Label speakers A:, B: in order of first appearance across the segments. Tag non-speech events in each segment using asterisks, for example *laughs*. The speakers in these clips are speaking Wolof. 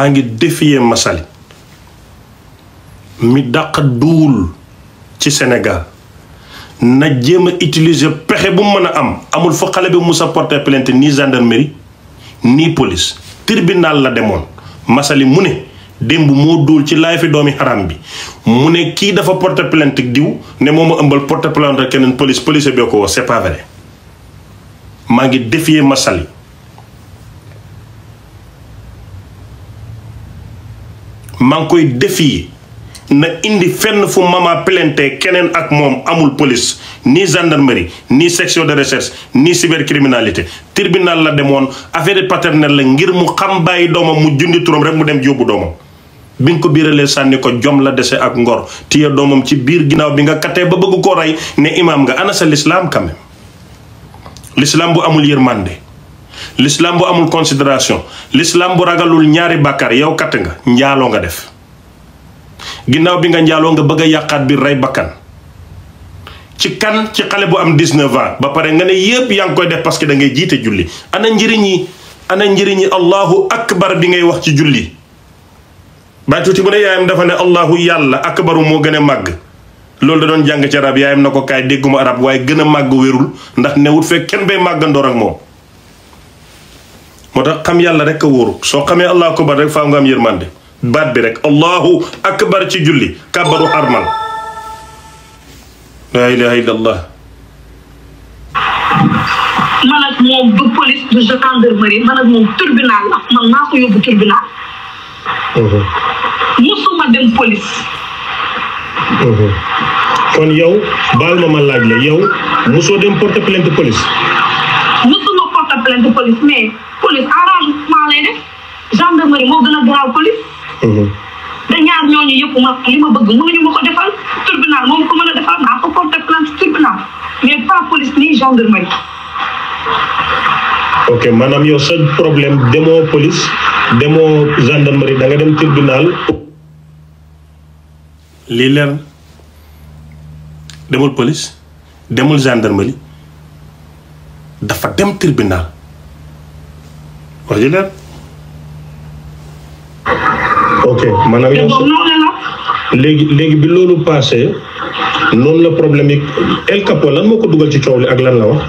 A: maa ngi défier Massaly
B: mi dàq duul ci Sénégal na jéem a utiliser pexe bu mu mën a am amul fa xale bi musa porter plainte ni gendarmerie nii police tribunal la demoon Massaly mu ne démb moo duwul ci laay fi doomi xaram bi mu ne kii dafa porter plainte diw ne moo ma ëmbal porte plainte keneen police police bee ko woo c'est maa ngi défier Massaly maa ngi koy défier na indi fenn fu mama plainte keneen ak moom amul police ni gendarmerie ni section de recherche ni cybercriminalité tribunal la demoon affaire paternelle la ngir mu xam bàyyi doomam mu jundi turam rek mu dem yóbbu doomam bi nga ko biiralee sànni ko jom la dese ak ngor téye doomam ci biir ginnaaw bi nga kattee ba bëgg koo rey ne imaam nga ana sa lislaam quand lislaam bu amul yërmande l'islam bu amul considération l'islam bu ragalul ñaari bàkkaar yow katt nga njaaloo nga def ginnaaw bi nga njaaloo nga bëgg a yàqaat bi rey bakkan ci kan ci xale bu am 19 ba pare nga ne yépp yaa ngi koy def parce que da ngay jiite julli ana njëriñ yi ana njëriñ yi allahu akbar bi ngay wax ci julli bàyyi tuuti bu ne yaayam dafa ne allahu yàlla akbaru moo gën a màgg loolu da doon jàngi ci arab yaayam na ko kaay dégguma arab waaye gën a màgg wérul ndax newut fekk kenn bay màggandoor ak moom moo tax xam yàlla rek a wóoru soo xamee allahu akbar rek faaw nga am yërmande baat bi rek allahu akbar ci julli kàbbaru armal
C: man ak moom du police man ak moom tribunal la man maa ko mhm. dem police
B: mhm. kon ma dem police
C: musuma police arrangement lay def gendarmerie moo gën a garaaw police. Mhm. te ñaar yëpp ma li ma bëgg mënuñu ma ko defal tribunal moom ko mën a defal naa ko porter plainte tribunal mais pas police ni gendarmerie.
B: ok maanaam yow sa problème demoo police demoo gendarmerie da dem tribunal. lii leer dafa dem tribunal. wax ji leer. ok maanaam yow léegi léegi bi loolu passé noonu la problème yi El moo ko dugal ci coow li ak lan la wax.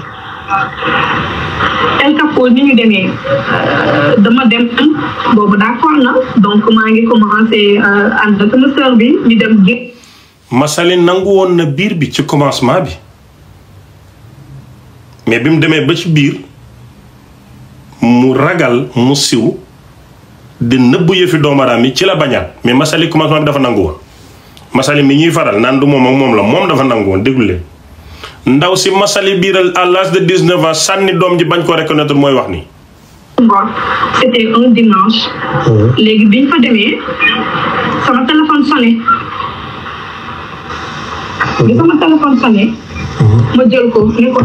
C: El Capo ni ñu demee
B: euh,
C: dama dem boobu d'accord na donc maa ngi commencé euh, ànd ak sama sœur bi ñu dem géej.
B: Massaly nangu woon na biir bi ci commencement bi mais bi mu demee ba ci biir. mu ragal mu siw di nëbbu yëfi doomaram yi ci la bañaat mais masali commencement bi dafa nangu woon masali mi ñuy faral naan du moom ak moom la moom dafa nangu woon déglu leen ndaw si masali biir à l'âge de 19 ans sànni doom ji bañ ko reconnaître mooy wax nii.
C: bon c'était un mmh. fa demee sama téléphone sonné. Mmh. bi sama téléphone sonné. Mmh. ma jël ko ne ko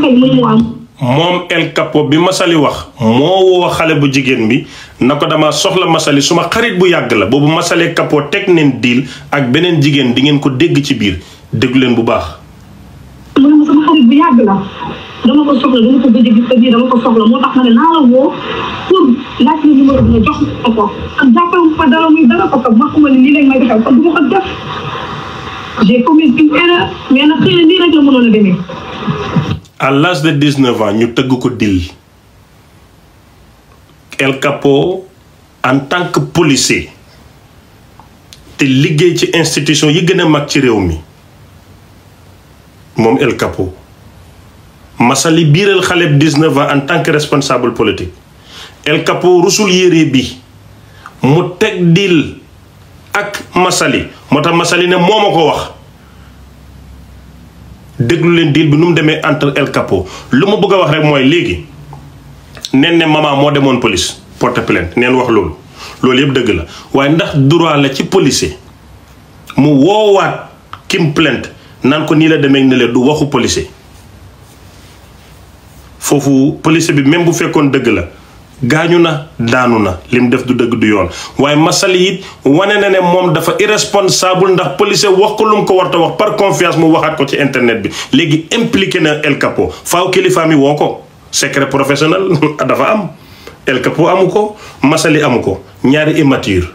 C: moom
B: El Capo bi masali wax moo woo xale bu jigéen bi na ko dama soxla masali suma xarit bu yàgg la boobu Massaly kapo teg neen diil ak beneen jigéen di ngeen ko dégg ci biir déglu leen bu baax.
C: mu ne xarit bu yàgg la. dama ko soxla dama ko gëj a gis dama ko soxla moo tax ma ne naa woo pour laaj la numéro bi nga jox ko ko ak jàppal ma lii lañ may defal kon la mënoon a
B: demee. de dix-neuf ans ñu tëgg ko dil El Capo en tant que policier te liggéey ci institution yi gën a mag ci réew mi moom El Capo. Massaly biiral xale bu 19 ans en tant que responsable politique El Capo rusul yére bi mu teg diil ak Massaly moo tax Massaly ne moo ma ko wax déglu leen diil bi nu mu demee entre El Capo lu ma bëgg a wax rek mooy léegi nen ne maman moo demoon police porte plainte neen wax loolu loolu yëpp dëgg la waaye ndax droit la ci policier mu woowaat kim plainte naan ko nii la demee ne du waxu policier foofu policier bi même bu fekkoon dëgg la gaañu na daanu na lim def du dëgg du yoon waaye masali it wane na ne moom dafa irresponsable ndax policier wax ko lum ko war ta wax par confiance mu waxaat ko ci internet bi léegi impliqué na El Capo faaw kilifa mi woo ko secret professionnel *laughs* dafa am El Capo amu ko masali amu ko ñaari immature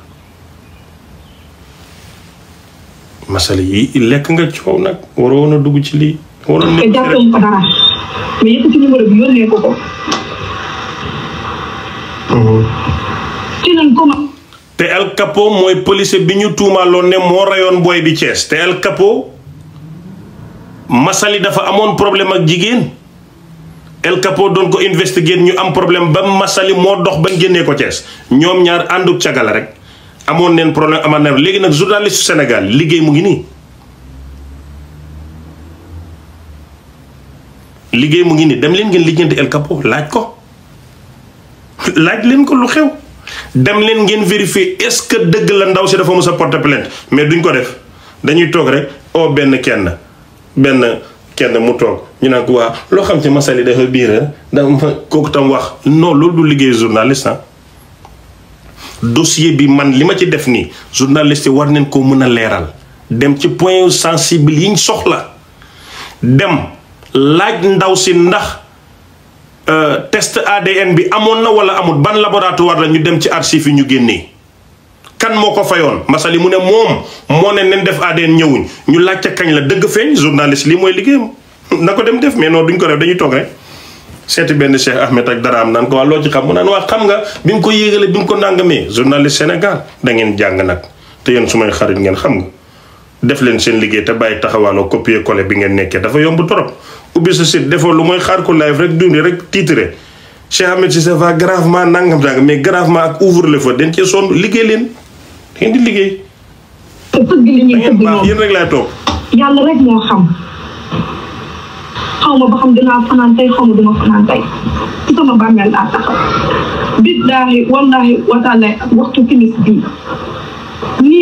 B: masali yi lekk nga coow nag waroon a dugg ci lii
C: waroon ko ko. Mhm. ci lañ
B: te El mooy policier bi ñu tuumaaloon ne moo rayoon booy bi cees te El Capo dafa amoon problème ak jigéen El Capo doon ko investiguer ñu am problème ba masali moo dox ba génnee ko Thiès ñoom ñaar ànduk cagala rek amoon neen problème amaan na léegi nag journaliste senegal liggéey mu ngi nii. liggéey mu ngi nii dem leen ngeen lijjanti El Capo laaj ko laaj leen ko lu xew dem leen ngeen vérifier est-ce que dëgg la ndaw si dafa mos a porte plainte mais duñ ko def dañuy toog rek o benn kenn benn kenn mu toog ñu naan ko waa loo xam ci masali dafa biir ah? dafa kooku tam wax non loolu du liggéey journaliste ah dossier bi man li ma ci def nii journaliste war nañ koo mën a leeral dem ci point sensible yiñ soxla dem laaj ndaw si ndax euh, test ADN bi amoon na wala amul ban laboratoire la ñu dem ci archive yi ñu génnee kan moo ko fayoon Massaly mu ne moom moo ne nen def ADN ñëwuñ ñu laaj ca kañ la dëgg feeñ journaliste lii mooy liggéeyam na ko dem def mais non duñ ko ref dañu toog rek seeti benn Cheikh Ahmed ak dara am naan ko waa loo ci xam mu naan waa xam nga bi nga ko yéegalee bi nga ko nangamee journaliste Sénégal da ngeen jàng nag te yéen sumay xarit ngeen xam nga def leen seen liggéey te bàyyi taxawaanoo copier coller bi ngeen nekkee dafa yomb trop. ubbi sa site defoo lu mooy xaar ko live rek dundi rek liggéey leen da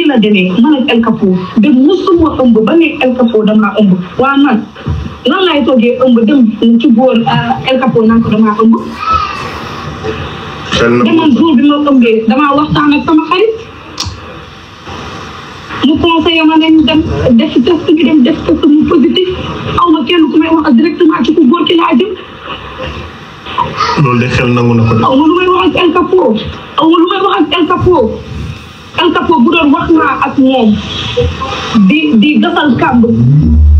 C: ngeen di waa man nan laay toogee ëmb dem ci góor euh, El Capo naan ko damaa ëmb. demoon jour sama xarit mu conseillé ma nañ dem def test bi dem def test mu positif aw ma kenn ku may wax directement ci ku góor ki laa jëm.
B: loolu de xel nangu na ko de. aw
C: ma lu wax ak El Capo aw ma lu may wax ak ankafoo bu doon wax naa ak moom di di gasal kàmb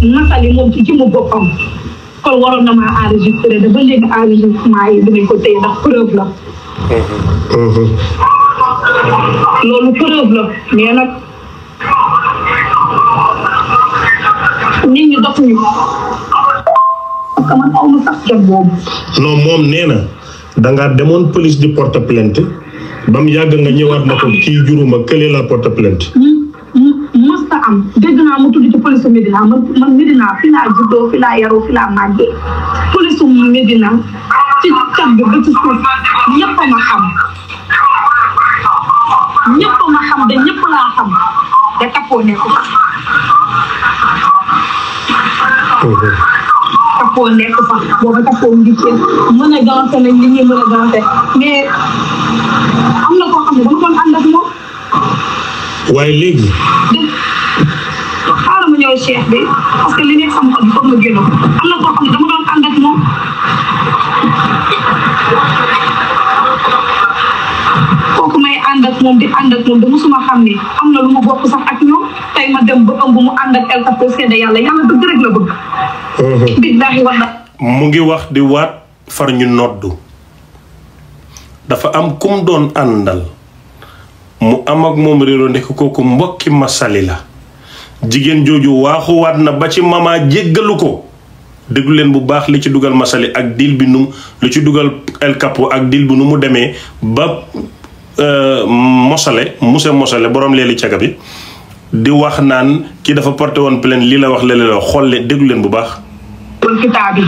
C: masali moom ci jëmu boppam kon waroon na maa enregistré da ba léegi enregistrement yi dinañ ko téye ndax preuve la
A: mm-hmm.
C: loolu preuve la mais nag nit ñi dox ñu
B: parce moom nee na demoon police di porte plainte ba mu yàgg nga ñëwaat na ko kii juruma kële la porte plainte.
C: mës na am dégg naa mu tudd ci police Médina man man Médina fi laa juddoo fi laa yaroo fi laa màggee police Médina ci cat bi ba ci suuf ñëpp a xam ñëpp a xam de ñëpp laa xam de tapoo nekk tappool nekk fa booba tappool ngi ci mën a danse nañ li ñuy mën a danse mais am na koo xam ne dama doon ànd moom waaye léegi xaaral ma ñëw cheikh bi parce que li bi foog ma génn am na koo xam moom kooku may ànd moom di ànd ak moom da musuma xam ne am na lu mu bokk sax ak ñoom tey ma mhm. mu
B: ngi wax di waat far ñu noddu dafa am kum doon àndal mu am ak moom réeroo ndekk kooku mbokki masali la jigéen jooju waaxuwaat na ba ci mama jéggalu ko déglu leen bu baax li ci dugal masali ak diil bi nu lu ci dugal El ak dil bi nu mu demee ba euh, mosale muse mosale borom leeli caga bi di wax naan ki dafa porté woon plainte lii la wax léeg-léeg la xool leen déglu leen bu baax.
C: kitaab bi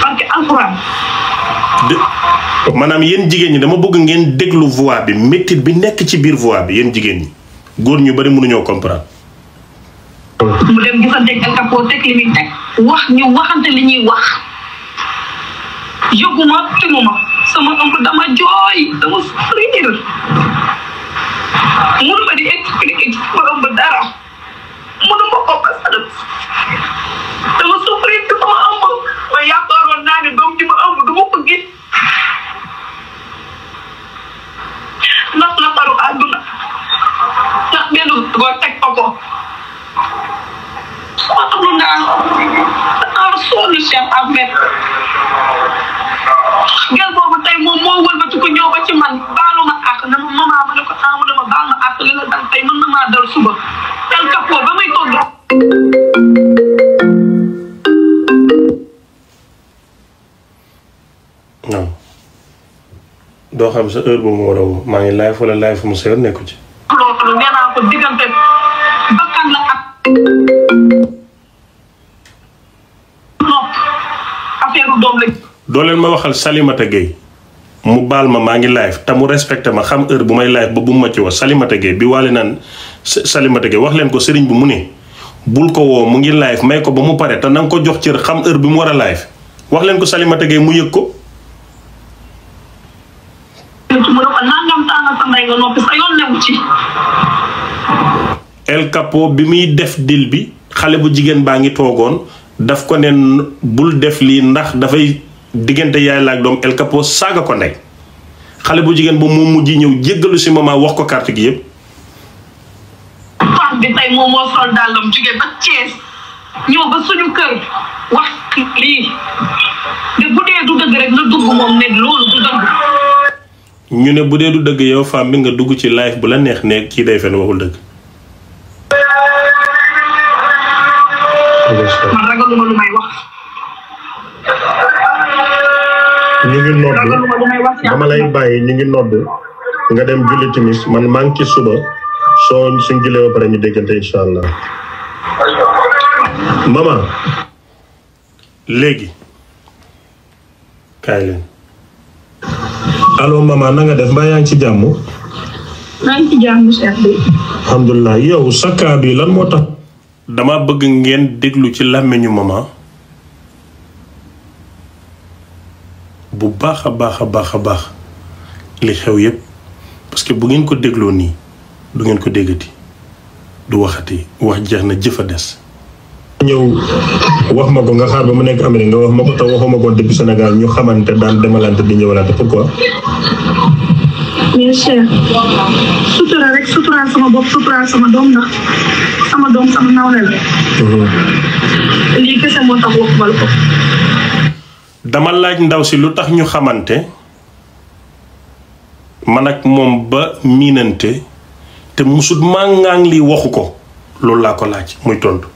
C: parce
B: que maanaam yéen jigéen ñi dama bëgg ngeen déglu voix bi méttit bi nekk ci biir voix bi yéen jigéen ñi góor ñu bari mënuñoo comprendre.
C: mu dem gisanteeg El Capo teg li muy teg wax ñu waxante li ñuy wax yëguma tënuma sama ëmb dama jooy dama souffrir. mënu ma di expliquer ci borom bu dara mënu ma ko parce que dama souffrir ci sama ëmb ma yaakaaroon naa ne doom ji ma ëmb du ma ko gis ndax na taru àdduna ndax benn góor teg ko ko ma am lu dafa sonn Cheikh Ahmed gel boobu tey moom moo wëlbati ko ñëw ci man baalu ma àq na ma maman ma ne ko ah ma ne ma baal ma àq ba may togg
B: non doo xam sa heure bu mu war mu sa yoon nekku ci
C: loolu nee naa ko diggante bakkan la
B: ak doom lañ. doo leen ma waxal Salimata Gueye mu baal ma maa ngi live te mu respecté ma xam heure bu may live ba bu ma ci wax Salimata Gueye bi waale naan Salimata Gueye wax leen ko sëriñ bi mu ne bul ko woo mu ngi live may ko ba mu pare te na nga ko jox ci xam heure bi mu war a live wax leen ko Salimata Gueye mu yëg ko. El Capo bi muy def dil bi xale bu jigéen baa ngi toogoon. daf ko ne bul def lii ndax dafay diggante yaay laak doom El saaga ko ndey xale bu jigéen ba moom mujj ñëw jéggalu si maman wax ko carte gi yëpp.
C: femme bu dee du dëgg rek na dugg moom ne loolu du dëgg.
B: ñu ne bu dee du dëgg yow femme bi nga dugg ci live bu la neex nekk kii day fen waxul dëgg. man ñu ngi nodd dama lay bàyyi ñu ngi nodd nga dem julli timis man maa ngi ci suba soo suñ jullee ñu déggante incha allah mama léegi kaay leen mama na nga def mbaa yaa ngi ci jàmm maa
C: ngi ci jàmm chef bi
B: alhamdulilah yow sa kaa lan moo tax dama bëgg ngeen déglu ci làmmiñu maman bu baax a baax a baax a baax li xew yépp parce que bu ngeen ko dégloo nii du ngeen ko déggati du waxati wax jeex na jëf a des ñëw wax ma ko nga xaar ba mu nekk Amérique nga wax ma ko te waxuma ko depuis Sénégal ñu xamante daan demalante di ñëwalante pourquoi
C: bien cher sutura rek suturaal sama bopp suturaal sama doom ndax sama doom sama nawle la
B: mm-hmm.
C: lii kese moo tax wax bal ko
B: dama laaj ndaw si lu tax ñu xamante man ak moom ba miinante te musut maa ngaan lii waxu ko loolu laa ko laaj muy tontu.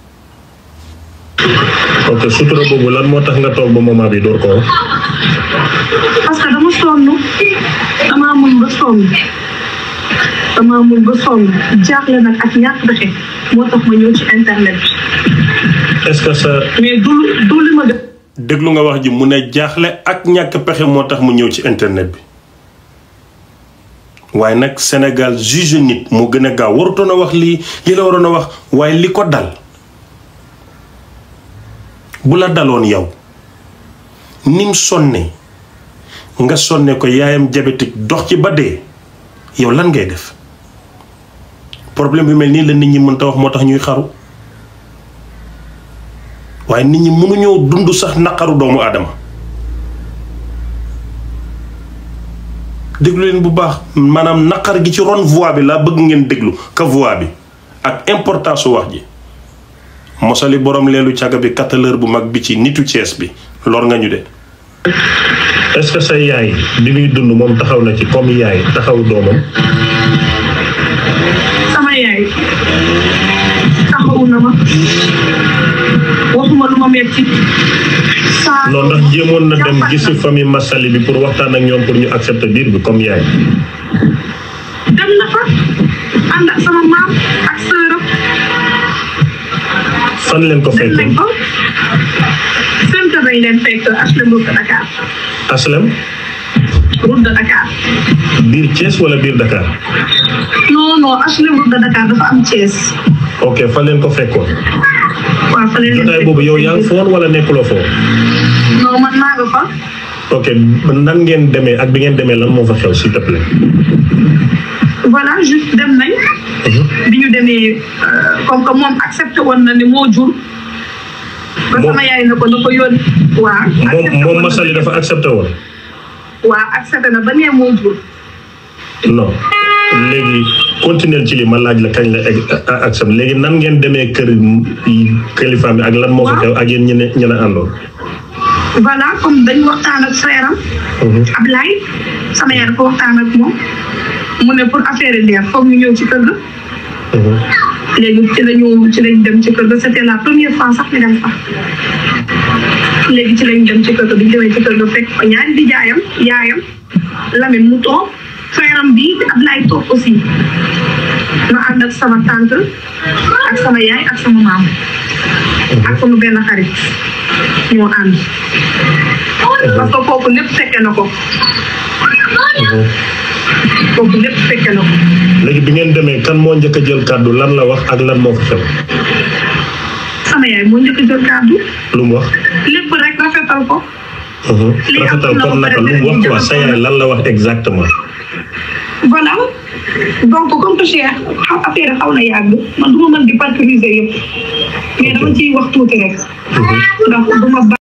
B: ok sutura boobu lan moo tax nga toog ba moment bi door ko
C: wax. dama sonn. muñ ba sonn dama muñ ba
B: ce que ça. déglu nga wax ji mu ne jaaxle ak ñàkk pexe moo tax mu ñëw ci internet bi. waaye nag Sénégal juge nit mu gën a gaaw warutoon a wax li li la waroon a wax waaye li ko dal bu la daloon yow nim sonne nga sonne ko yaayam diabétique dox ci ba dee yow lan ngay def problème bi mel nii la nit ñi mënta wax moo tax ñuy xaru waaye nit ñi mënuñoo dund sax naqaru doomu aadama déglu bu baax maanaam naqar gi ci ron voix bi laa bëgg ngeen déglu ka voix bi ak importance su wax ji mosali borom leelu càgg bi kataleer bu mag bi ci nitu Cees bi lor nga ñu de est-ce que sa yaay li muy dund moom taxaw na ci comme yaay taxaw doomam.
C: sama yaay taxawu na ma waxuma lu ma metti non ndax
B: jéemoon na dem gisu famille Massaly bi pour waxtaan ak ñoom pour ñu accepter biir bi comme yaay.
C: dem na fa ànd ak sama maam ak sœuram.
B: fan leen ko fekk. dem nañ
C: ko. seen leen fekk ak HLM. route de Dakar.
B: biir Thiès wala biir Dakar.
C: non non HLM route de Dakar dafa am Thiès.
B: ok fan leen ko fekkoon. waaw fan leen jotaay foon wala nekkuloo foon.
C: non man maa
B: fa. ok nan ngeen demee ak bi ngeen demee lan moo fa xew s'il te plaît.
C: voilà juste dem nañ. Mhm. bi ñu demee euh, comme que moom accepté woon na ne moo jur. ba sama yaay na ko na ko yónni. waaw accepté moom Massaly dafa accepté woon. waaw accepté na ba nee moo jur.
B: non léegi continuer ci li ma laaj la kañ la accepté léegi nan ngeen demee kër kilifa bi ak lan moo ko teew ak yéen ñu ne ñu ne
C: comme dañ waxtaan ak frère am. Mhm. Ablaye sama yaay dafa waxtaan ak moom mu ne pour affaire yi foog ñëw ci kër léegi ci lañu ci lañ dem ci kër ga la première fois sax ñu dem léegi ci lañ dem ci kër ga bi ñu demee ci kër ga fa ñaari di jaayam yaayam Lamine mu toog feeram bi Ablaye toog aussi ma ànd ak sama tante ak sama yaay ak sama maam ak mu benn xarit ñoo ànd oh parce que kooku lépp fekke na ko oh kooku
B: léegi bi ngeen demee kan moo njëkk a jël kàddu lan la wax ak lan moo ko xew.
C: sama yaay moo njëkk jël kàddu. lu mu wax. lépp rek rafetal ko.
B: Uh-huh. rafetal comme naka lu wax quoi sa lan la wax exactement.
C: voilà donc comme que Cheikh xaw affaire xaw na yàgg man du ma di parcuriser yëpp
A: mais dama ciy wax tuuti rek. Uh-huh.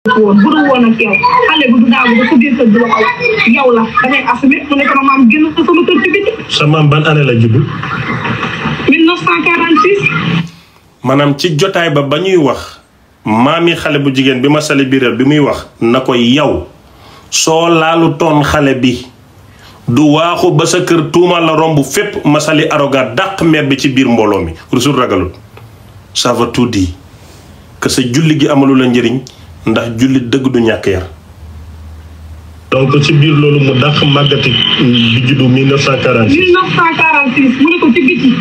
A: sa sama
B: maam ban année la juddu
C: 1946
B: maanaam ci jotaay ba ba ñuy wax maami xale bu jigéen bi ma sali biral bi muy wax na ko yow soo laalu toon xale bi du waaxu ba sa kër tuuma la romb fépp ma sali aroga dàq mer bi ci biir mbooloo mi rusul ragalul ça va tout sa julli gi amalu la njëriñ ndax jullit dëgg du ñàkk yar donc ci biir loolu mu dàq màggati bi juddu 1946.
C: 1946 mu ne ko ci biti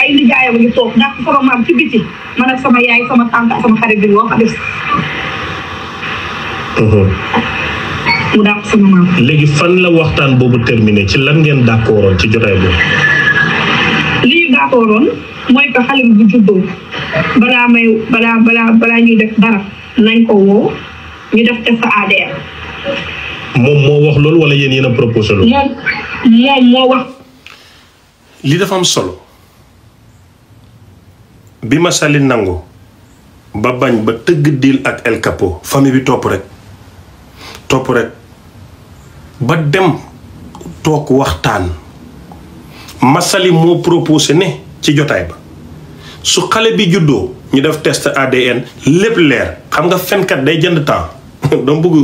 C: ay nijaayam ngi toog dàq sama maam ci man ak sama yaay sama tante sama xarit bi nga ko def.
B: léegi fan la waxtaan boobu terminé ci lan ngeen d'accordoon ci jotaay boobu.
C: li ñu mooy que xale bi bu juddoo balaa may balaa balaa balaa ñuy def dara. nañ ko woo ñu def
B: moom moo wax loolu wala yéen yéen a proposé loolu.
C: moom moo wax.
B: li dafa am solo bi ma sali nangu ba bañ ba tëgg diil ak elkapo Capo famille bi topp rek topp rek ba dem toog waxtaan Masali moo proposé ne ci jotaay ba su xale bi juddoo. ñu def test ADN lépp leer xam nga fenkat day jënd temps *laughs* dama bëgg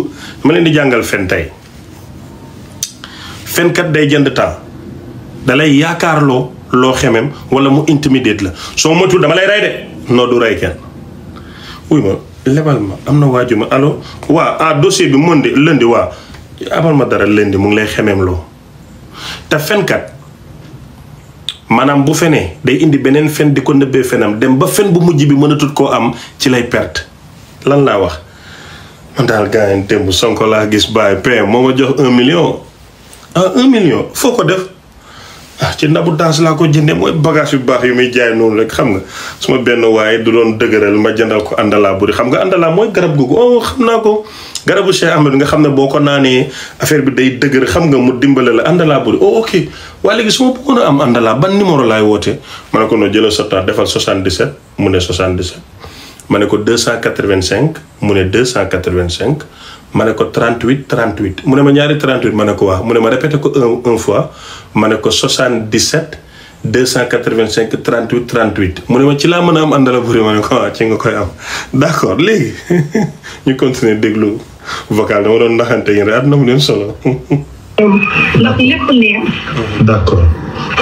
B: ma leen di jàngal fen tey fenkat day jënd temps dalay yaakaarloo loo xemem wala mu intimidate la soo moytuwul dama lay rey de noo du rey kenn wuy ma lebal ma am na waaju ma allo waa ah dossier bi mën di lëndi waa abal ma dara lëndi mu ngi lay xemem loo te fenkat maanaam bu fenee day indi beneen fen di ko nëbbee fenam dem ba fen bu mujj bi mënatul koo am ci lay perte lan laa wax man daal gars yi démb Sonko laa gis bàyyi p moo ma jox un million ah un million foo ko def ah ci nabu danse laa ko jëndee mooy bagage yu baax yu muy jaay noonu rek xam nga suma benn waaye du doon dëgëral ma jëndal ko àndalaa buri xam nga àndalaa mooy garab googu oh xam ko garabu Cheikh Ahmed nga xam ne boo ko naanee affaire bi day dëgër xam nga mu dimbale la àndalaa buri oh ok waaye léegi su ma bëggoon a am àndalaa ban numéro laay wootee ma ne ko noo jëlal sa temps defal 77 mu ne 77 ma ne ko 285 mu ne 285 ma ne ko 38 38 mu ne ma ñaari 38 ma ne ko mu ne ma répété ko un un fois ma ne ko 77 285 38 38 mu ne ma ci laa mën a am àndala buri ma ne ko ci nga koy am *laughs* d'accord léegi *laughs* ñu continuer déglu vocal dama doon naxante yéen rek am na mu leen solo. *laughs*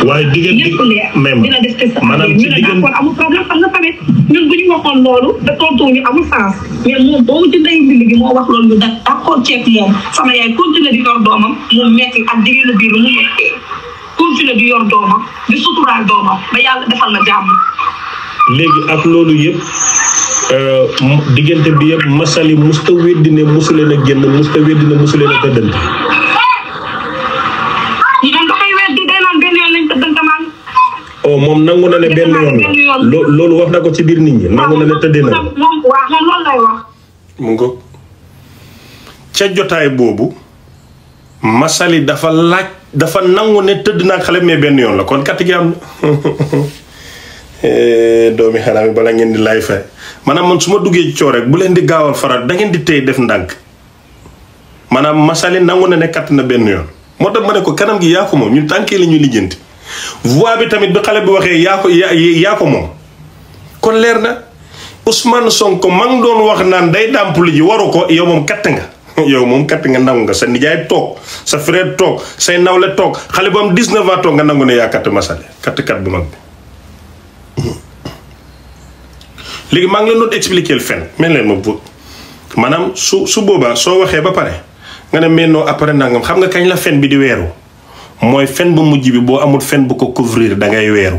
B: waaye diggante
C: ñëpp leer dina def test maanaam nga tamit ñun bu ñu waxoon loolu te tontu ñu amul sens mais moom boobu ci ndey mbind moo wax loolu ñu d'accord ceeb moom sama yaay continuer di yor doomam mu metti ak jigéenu biir mu metti continuer di yor doomam di suturaal doomam ba yàlla defal na jàmm
B: léegi ak loolu yëpp euh, diggante bi yëpp masali musta weddi ne musuleen a génn musta weddi ne musuleen a tëddante oh moom nangu na ne benn yoon la loolu wax na ko ci biir nit ñi nangu na ne tëddee na ko. mu ngoog ca jotaay boobu Massaly dafa laaj dafa nangu ne tëdd naa xale mais benn yoon la kon kàtt gi am *laughs* eh, doomi xanaa mi bala ngeen di laay fay maanaam man su ma duggee ci coow rek bu leen di gaawal faral da ngeen di tey def ndànk maanaam masali nangu na ne kàtt na benn yoon moo tax ma ne ko kanam gi yaa ko moom ñun tànkee la ñuy lijjanti. voix bi tamit bi xale bi waxee yaa ko yaa ko moom kon leer na Ousmane Sonko ma ngi doon wax naan day dàmpuli ji waru ko yow moom katt nga *laughs* yow moom katt nga nangu nga sa nijaay toog sa frère toog say nawle toog xale bu am 19 ans toog nga nangu ne yaa katt masale katt kat bu mag bi *laughs* léegi maa ngi leen doon expliquer fen mel leen ma bu maanaam su su boobaa soo waxee ba pare nga ne mennoo après nangam xam nga kañ la fen bi di weeru mooy fen bu mujj bi boo amul fen bu ko couvrir da ngay weeru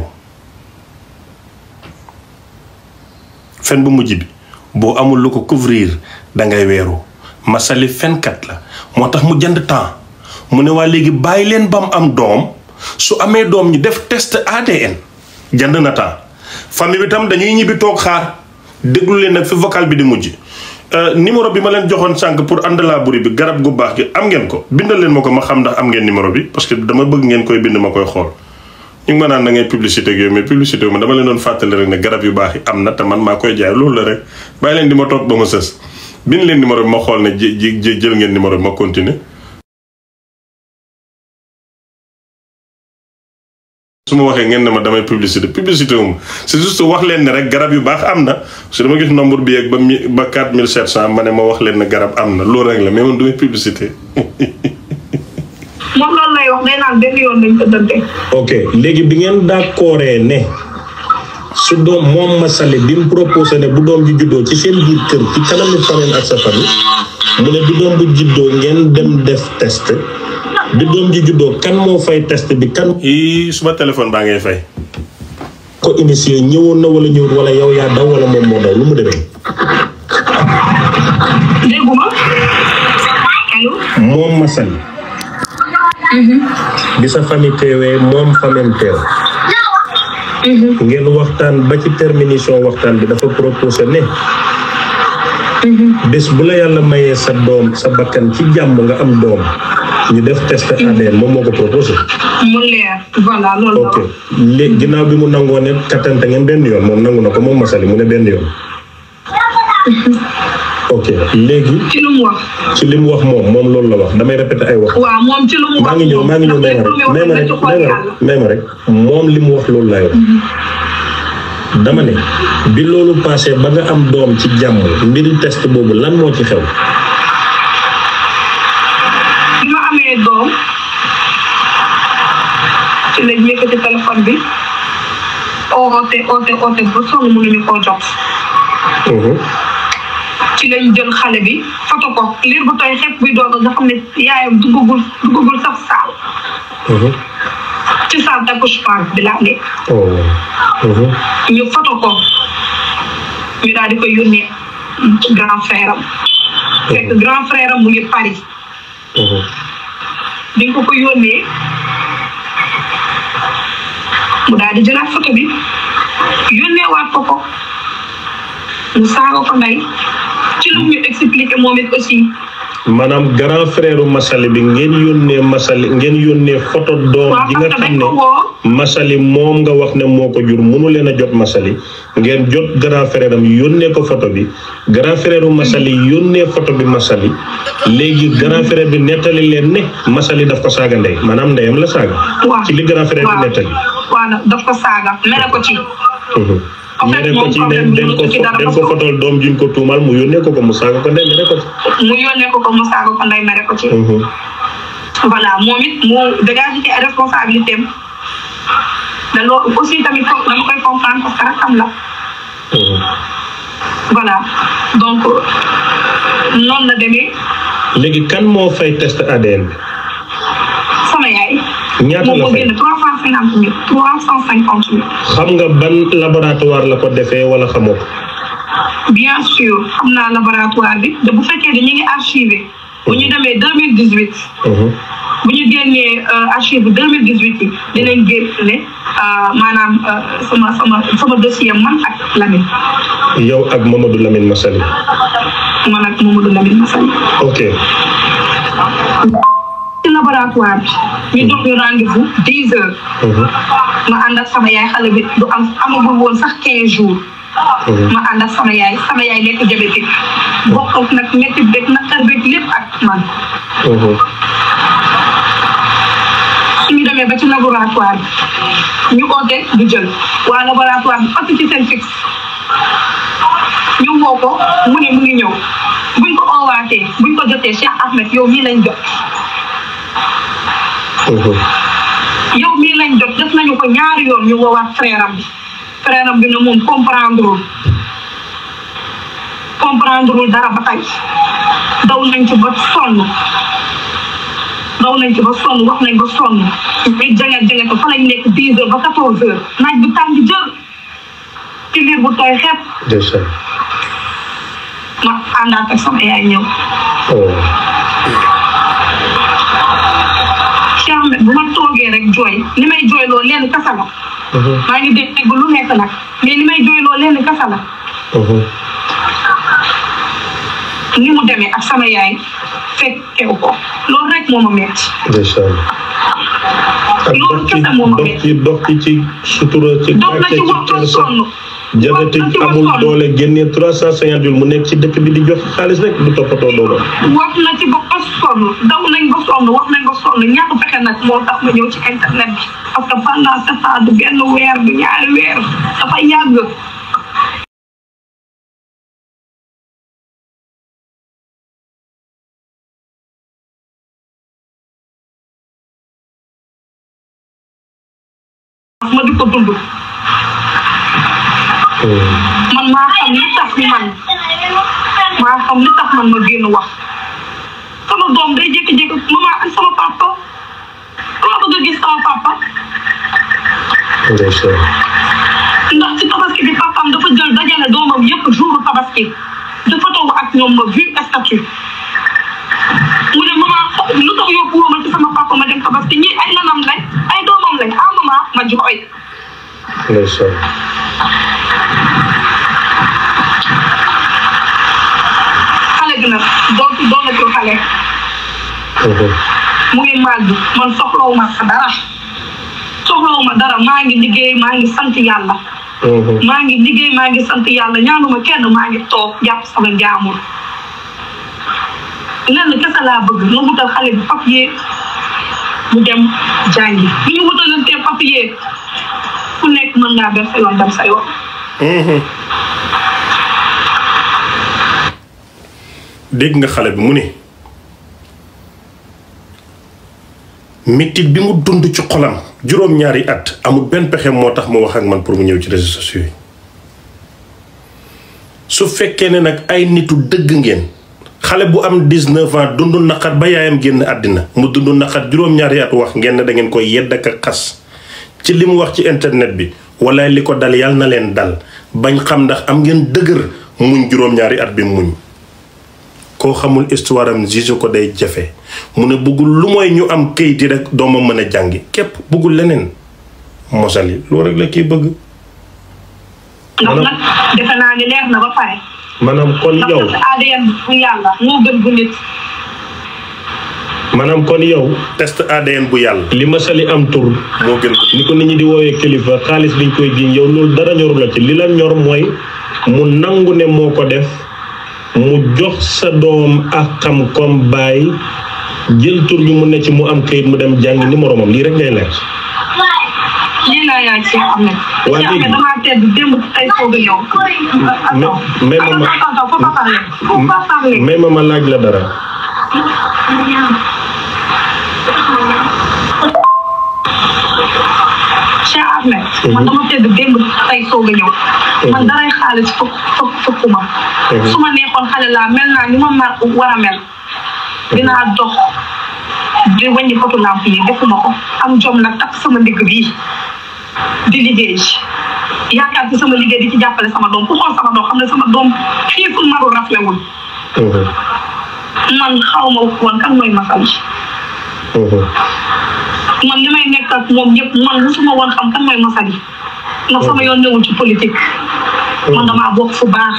B: fen bu mujj bi boo amul lu ko couvrir da ngay weeru masali fenkat la moo tax mu jënd temps mu ne waa léegi bàyyi leen ba mu am doom su amee doom ñu def test ADN jënd na temps famille bi dañuy ñibbi toog xaar déglu leen nag fi vocal bi di mujj. Euh, numéro bi ma leen joxoon sànq pour àndalaa buri bi garab gu baax gi am ngeen ko bindal leen ma ko ma xam ndax am ngeen numéro bi parce que dama bëgg ngeen koy bind ma koy xool ñu ngi ma naan da ngay publicité ak yooyu mais publicité ma dama leen doon fàttali rek ne garab yu baax yi am na te man maa koy jaay loolu la rek bàyyi leen di ma toog
A: ba ma sës bind leen numéro bi ma xool ne ji ji jël ngeen numéro bi ma continuer su ma waxee ngeen na ma damay publicité publicité moom c'est wax leen ne rek garab yu baax am na su dama gis nombre bi yeeg ba mi ba
B: quatre mille sept cent ma ne ma wax leen ne garab am na rek la mais man du may
C: *laughs* yoon lañ ko dante.
B: ok léegi bi ngeen d'accordee ne su doom moom Massaly bi mu proposé ne bu doom bi juddoo ci seen biir kër ci kanamu famille ak sa famille mu ne bu doom bu juddoo ngeen dem def test. bi doom ji juddoo kan moo fay test bi kan. ii suma téléphone baa ngay fay. ko initié ñëwoon na wala ñëwut wala yow yaa daw wala moom moo daw lu mu demee.
C: dégguma. allo.
B: moom Masal. Mhm. bi sa famille teewee moom famille teew. Mhm. ngeen waxtaan ba ci termination waxtaan bi dafa proposé ne. Mhm. bés bu la yàlla mayee sa doom sa bakkan ci jàmm nga am doom. ñu def test ADN moom moo ko proposé.
C: ok
B: léegi bi mu nangoo ne kattante ngeen benn yoon moom nangu na ko moom Massaly mu ne benn léegi. ci li mu wax. ci moom moom loolu la wax damay répéter ay wax. waaw
C: moom ci maa ngi ñëw maa ngi ñëw même rek
B: même rek moom li mu wax loolu laa yor. Mhm. dama ne bi loolu passé ba nga am doom ci jàmm mbiri test boobu lan moo ci xew.
C: téléphone bi oote oote oote ba sonn mënuñu koo jot. Mm-hmm. ci lañ jël xale bi foto ko liir bu tooy xepp bi doog nga xam ne yaayam duggagul duggagul sax saal. Mm-hmm. ci saal d'accouchement bi laa nekk.
A: Oh, mm-hmm.
C: ñu foto ko ñu daal di ko yónnee grand frère am. fekk grand frère mu Paris. biñ ko ko mu daal di jëlaat bi
B: grand frère Massaly bi ngeen yónnee Massaly ngeen yónnee photo doom ji nga xam ne Massaly moom nga wax ne moo ko jur mënu leen a jot Massaly ngeen jot grand frère am yónnee ko photo bi grand frère Massaly mm-hmm. yónnee foto bi Massaly léegi grand mm-hmm. frère bi nettali leen ne Massaly daf ko saaga ndey maanaam ndeyam la saaga ci li grand frère bi nettali
C: waaw daf ko saaga mere ko ci.
B: Mhm. mere ko ci den ko den ko fotol doom juñ ko tuumal mu yónnee ko ko mu saaga ko ndey mere ko ci.
C: mu yónnee ko ko mu saaga ko ndey mere ko ci. Mhm. voilà moom it mu dégagé ci responsabilité am da loolu aussi tamit foofu dama koy comprendre parce que rakam la. Mhm. voilà donc noonu la demee.
B: léegi kan moo fay test ADN bi.
C: sama yaay. ñaata la fay cinquante mille trois cent cinquante mille.
B: xam nga ban laboratoire la ko defee wala xamoo
C: bien sûr xam naa laboratoire bi de bu fekkee ne ñu ngi archivé bu ñu mhm. demee deux mille dix huit. Mhm. bu ñu génnee euh, archive bu deux mille dix huit yi dinañ génne euh, maanaam euh, sama sama sama dossier man ak Lamine.
B: yow ak Mamadou Lamine Massaly.
C: man ak Mamadou Lamine Massaly. ok. laboratoire ñu jox ñu rendez-vous dix heures. Mhm. ma ànd ak xale bi du am amagul woon sax quinze jours. Mhm. ma ànd ak sama yaay sama yaay nekk diabétique mhm. bokk ak nag métti beeg naqar ak man. suñu demee ba ci laboratoire bi ñu oote du jël waa laboratoire bi parce que seen fixe ñu woo ko mu ne mu ngi ñëw buñ ko oowaatee buñ ko jotee Cheikh Ahmed yow mii lañ jot. yow mii lañ jot def nañu ko ñaari yoon ñu woowaat frère am bi frère am bi ne moom comprendre comprendre dara ba tey daw nañ ci ba sonn daw nañ ci ba sonn wax nañ ba sonn mais janget janget fa lañ nekk dix heures ba quatorze heures naaj bi tàng jër ci liir bu tooy xepp ma àndaat ak sama yaay ñëw oh. toogee rek jooy li may jooy loo leen kasa la. Uh-huh. maa ngi dégg lu nekk nag mais li may jooy loo leen kasa la. Uh-huh. ni mu demee ak sama yaay fekkewu ko loolu rek moo ma métti.
B: loolu kese moo ma métti. dox ci dox ci ci sutura ci. dox na ci waxtu sonn. diabétique amul doole génne trois cent cinquante mille mu nekk ci dëkk bi di jox xaalis rek du toppatoo doomam.
C: wax na ci ba sonn daw nañ ba sonn wax nañ ba
A: sonn ñàkk pexe nag moo tax ma ñëw ci internet bi parce que pendant ce temps weer du ñaari weer dafa yàgg. man maa xam li tax man
C: maa xam li tax man ma génn wax sama doom day jékki-jékki mama ak sama papa dama bëgg a gis sama papa. ndax ci tabaski bi papaam dafa jël dajale doomam yëpp jour tabaski dafa toog ak ñoom ma vu statut mu ne mama lu tax yóbbu woo ma ci sama papa ma dem tabaski ñii ay nanam lañ ay doomam lañ ah mama ma jooy. ndeysaan xale bi na doon doonatul mu ngi màgg man soxlawu ma dara soxlawu ma dara maa ngi liggéey maa ngi sant yàlla maa ngi liggéey maa ngi sant yàlla ñaanuma kenn maa ngi toog jàpp sama jaamur lenn kese laa bëgg nga wutal xale bi papier mu dem jàngi bu ñu wutalantee papier mën naa verser yoon mhm.
B: dégg nga xale bi mu ne mettit bi mu dund ci xolam juróom-ñaari at amul benn pexe moo tax mu wax ak man pour mu ñëw ci réseaux sociaux yi su fekkee ne nag ay nitu dëgg ngeen xale bu am 19 ans dund naqar ba yaayam génn àddina mu dundu naqar juróom-ñaari at wax ngeen da ngeen koy yedd ak xas ci li mu wax ci internet bi wala li ko dal yal na leen dal bañ xam ndax am ngeen dëgër muñ juróom-ñaari at bi muñ koo xamul histoire am juge ko day jafe mu ne buggul lu mooy ñu am kayit yi rek dooma mën a jàngi képp bëggul leneen mosal yi loolu rek la kii bëgg. maanaam nag
C: defe naa ni leer na ba pare.
B: maanaam kon yow
C: ADN bu yàlla moo gën bu nit.
B: maanaam kon yow. test ADN bu yàlla. li ma sali am tur. moo gën ni ko nit ñi di woowee kilifa xaalis biñ koy jiiñ yow loolu dara ñorul la ci li la ñor mooy mu nangu ne moo ko def mu jox sa doom ak xam comme bàyyi jël tur bi mu ne ci mu am kayit mu dem jàng ni moromam lii rek ngay leer. waa ma ma laaj la dara.
C: ne. Mhm. man dama tëdd démb tey soog a ñëw. Mhm. man daray xaalis fo fo fokku ma. Mhm. su ma neexoon xale laa mel naa ni ma mar war a mel. dinaa dox di wàññi foto lamp yi defuma ko am jom nag di liggéey yaakaar ci sama doom ku xool sama doom xam ne sama doom xiiful man xaw ma woon kan mooy masal. man li may nekk ak moom yëpp man musuma woon xam kan mooy Massaly ndax sama yoon newul ci politique man damaa bokk fu baax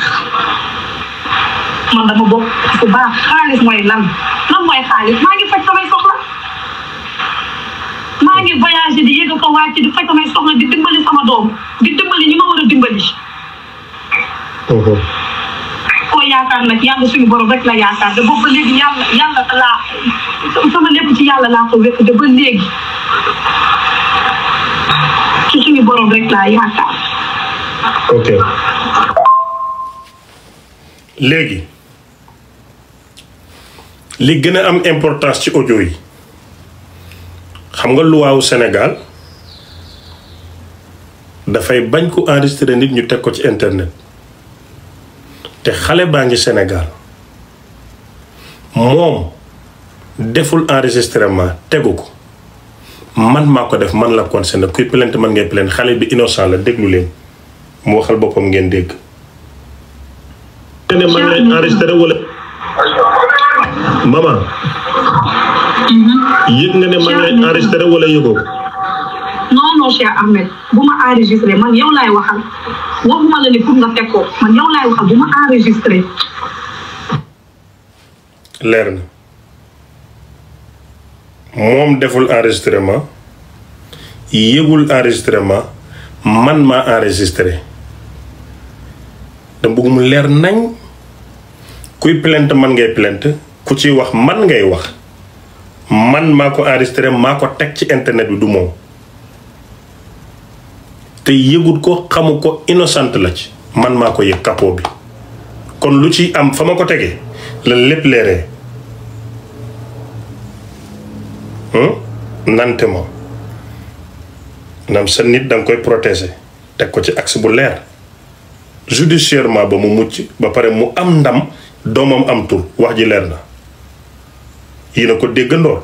C: man dama bokk fu baax xaalis mooy lan lan mooy xaalis maa ngi faj samay soxla maa ngi voyagé di yéeg ko wàcc di faj samay soxla di dimbali sama doom di dimbali ñi ma war a dimbali mhm. koo yaakaar nag yàlla suñu borom rek la yaakaar te boobu léegi yàlla yàlla laa lépp
B: ci léegi li gën a am importance ci audio yi xam nga lu luwaawu Sénégal dafay bañ ko enregistré nit ñu teg ko ci internet te xale baa ngi senegaal moom. deful enregistrement tegu ko man maa ko def man la concerné kuy plainte man ngay plainte xale bi innocent la déglu leen mu waxal boppam ngeen dégg. Mhm. ne man lay ne man lay enregistré wala yëgoo.
C: non non Cheikh Ahmed bu ma enregistré man yow laay waxal waxuma la ne pour nga teg man yow laay waxal bu ma enregistré.
B: leer na. moom deful enregistrement yëgul enregistrement man maa enregistré da bëgg mu leer nañ kuy plainte man ngay plainte ku ci wax man ngay wax man maa ko enregistré maa ko teg ci internet bi du moom te yëgul ko xamu ko innocent la ci man maa ko yëg capot bi kon lu ci am fa ma ko tegee la lépp leeree Hmm? nante ma naam sa nit danga koy protéger teg ko ci axe bu leer judiciairement ba mu mucc ba pare mu am ndam doomam am tur wax ji leer na yéen a ko déggandoor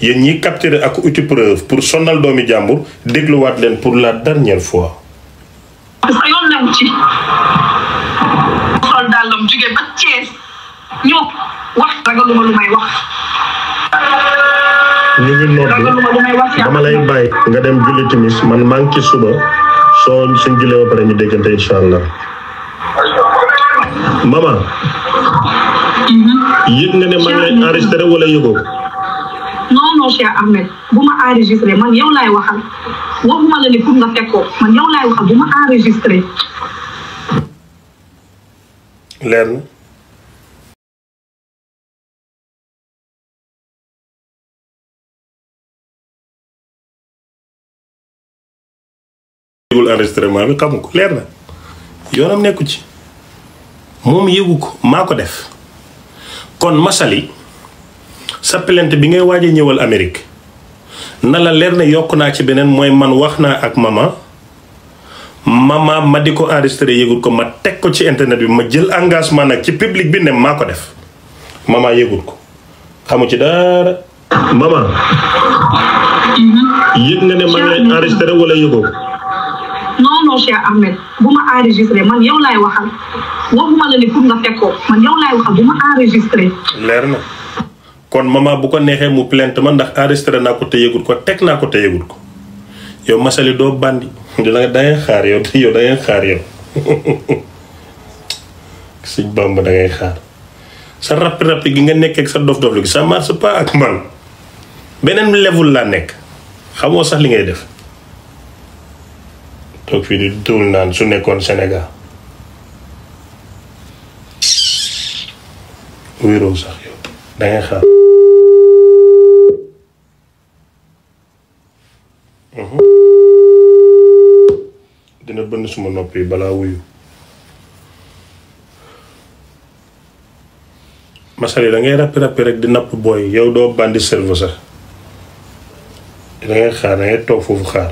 B: yéen ñiy capturer ak outil preuve pour sonnal doomi jàmbur dégluwaat leen pour la dernière fois. ñu ngi nodd dama lay bàyyi nga dem julli timis man maa ngi suba soo suñ jullee ba ñu déggante incha allah mama
C: yëg nga ne maa ngi lay enregistré wala yëgoo non non Cheikh Ahmed bu ma enregistré man yow laay waxal waxuma la ne pour nga fekk man yow laay waxal bu ma
A: enregistré déglu enregistrement bi xamu ko leer na yoonam nekku ci moom yëgu ko maa ko def
B: kon masali sa plainte bi ngay waaj a ñëwal Amérique na la leer na yokk naa ci beneen mooy man wax naa ak mama mama ma di ko enregistré yëgul ko ma teg ko ci internet bi ma jël engagement nag ci public bi ne maa ko def mama yëgul ko xamu ci dara. mama yëg nga ne ma ngay enregistré wala
C: non non Cheikh Ahmed bu ma enregistré man yow laay waxal waxuma la ni nga fekkoo man yow laay waxal bu ma enregistré.
B: leer na kon maman bu ko neexee mu plainte ma ndax enregistré naa ko te yëgul ko teg naa ko te yëgul ko yow Massaly doo bandi. *laughs* dina da ngay xaar yow *laughs* yow xaar yow *laughs* sëñ Bamba da xaar sa rappi rappi gi nga nekk sa dof dof gi ça marche pas ak man beneen level laa nekk xamoo sax li ngay def. toog fii di tuul naan su nekkoon Sénégal wéeroo sax yow dangay xaar mhm. dina bënn suma nopp yi balaa wuyu masal yi da ngay ràppi rek di napp booy yow doo bandi serve sax dangay xaar dangay toog foofu xaar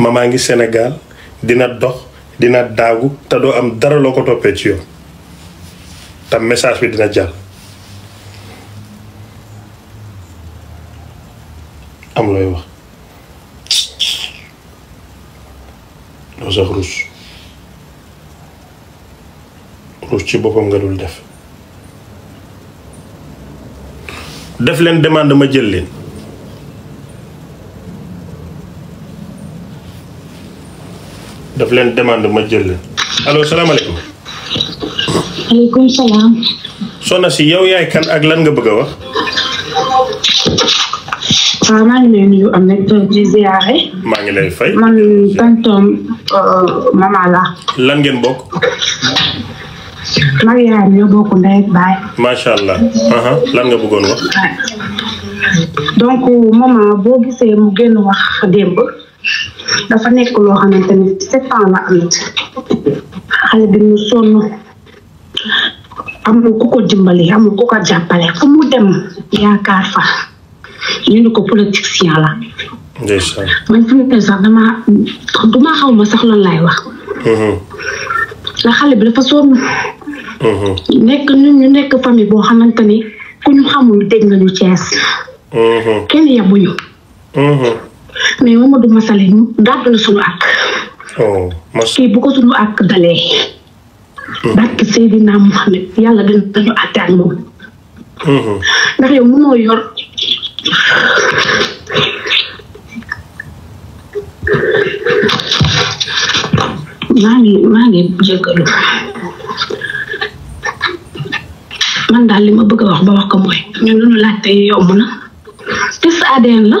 B: mamaa ngi Sénégal dina dox dina daagu te doo am dara loo ko toppee ci yow te message bi dina jàll am looy wax doo sax ruus ruus ci boppam nga dul def def leen demande ma jël leen daf leen demande ma jël leen allo salaamaaleykum.
C: maaleykum salaam.
B: soxna si yow yaay kan ak lan nga bëgg a wax. waaw ah, maa ngi lay fay man
C: tonton euh, mama la. lan ngeen bokk. maa yaay ñoo bokk ndey ak baay.
B: macha allah lan nga bëggoon wax.
C: donc euh, maman boo gisee mu génn wax démb. dafa nekk loo xamante ni sept ans la am xale bi mu sonn amul ku ko dimbali amul ku ko jàppale fu dem yaakaar fa ñu ne ko politicien la. man fi mu ne sax damaa duma xaw ma sax lan laay wax. Mm-hmm. la xale bi dafa sonn.
A: Mm-hmm.
C: nekk ñun ñu nekk famille boo xamante ni ku ñu xamul dégg nga ñu Cees. Mm-hmm. kenn yabuñu. mais Mamadou Massalé daal na suñu àq. oh mas kii bu ko suñu àq dalee. Hmm. barke Seydina Muhammad yàlla dina dañu àtte ak moom. Hmm. ndax yow mënoo yor. maa ngi maa ngi daal li ma bëgg a wax ba wax ko mooy ñun lu ñu laajte yomb na test ADN la.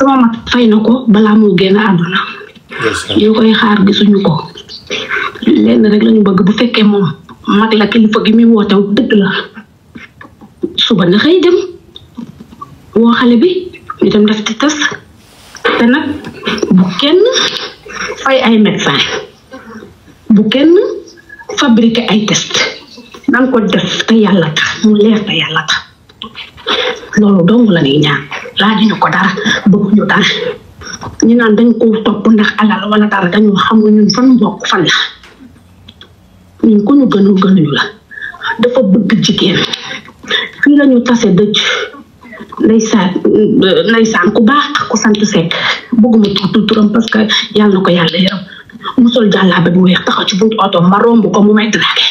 C: sama mag fay na ko balaa moo génn àdduna ñu koy xaar gisuñu ko lenn rek lañu bëgg bu fekkee moom mag la kilifa gi muy woote dëgg la suba na xëy dem woo xale bi ñu dem def ci tas te nag bu kenn fay ay médecin bu kenn fabriqué ay test danga ko def te yàlla tax mu leer te yàlla tax loolu dong la ñaan laajuñu ko dara bëgguñu dara ñu naan dañ ko topp ndax alal wala dara dañoo xam ne ñun fan mbokk fan la ñun ku ñu gënul gënuñu la dafa bëgg jigéen fii la ñu tase dëj ndeysaan ndeysaan ku baax ku sant sekk bëgguma tudd turam parce na ko yàlla yaram mu sol jàllaabe bu weex taxaw ci buntu oto ma romb ko mu may dragué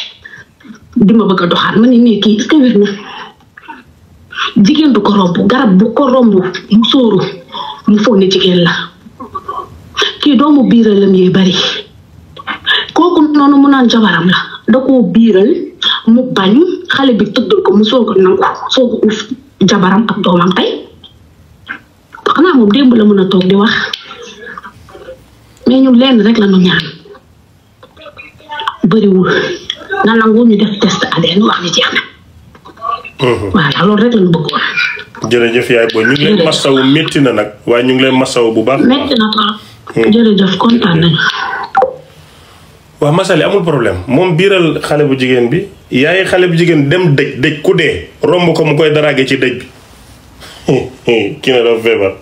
C: di ma bëgg a doxaan ma ne nii kii est-ce que jigéen du romb garab bu ko romb mu sóoru mu foog ne jigéen la kii doomu biiralam yee bari kooku noonu mu naan jabaram la da koo biiral mu bañ xale bi tëdd ko mu soog a nangu soog a uuf jabaram ak doomam tey xanaa moom démb la mën a toog di wax mais ñu lenn rek la ñu ñaan bëriwul nga nangu ñu def test ADN wax ni jeex na
B: voilà mhm. loolu rek lañ yaay booy ñu leen masawu métti na nag waaye ñu ngi leen masawu bu baax. métti
C: na trop.
B: Mm. jërëjëf amul problème moom biiral xale bu jigéen bi yaay xale bu jigéen dem dëj dëj ku dee romb ko mu koy daraage ci dëj bi
A: *laughs* kii na dafa feebar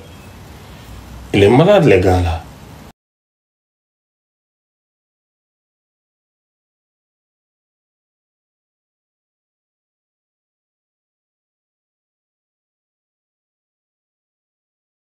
A: il est malade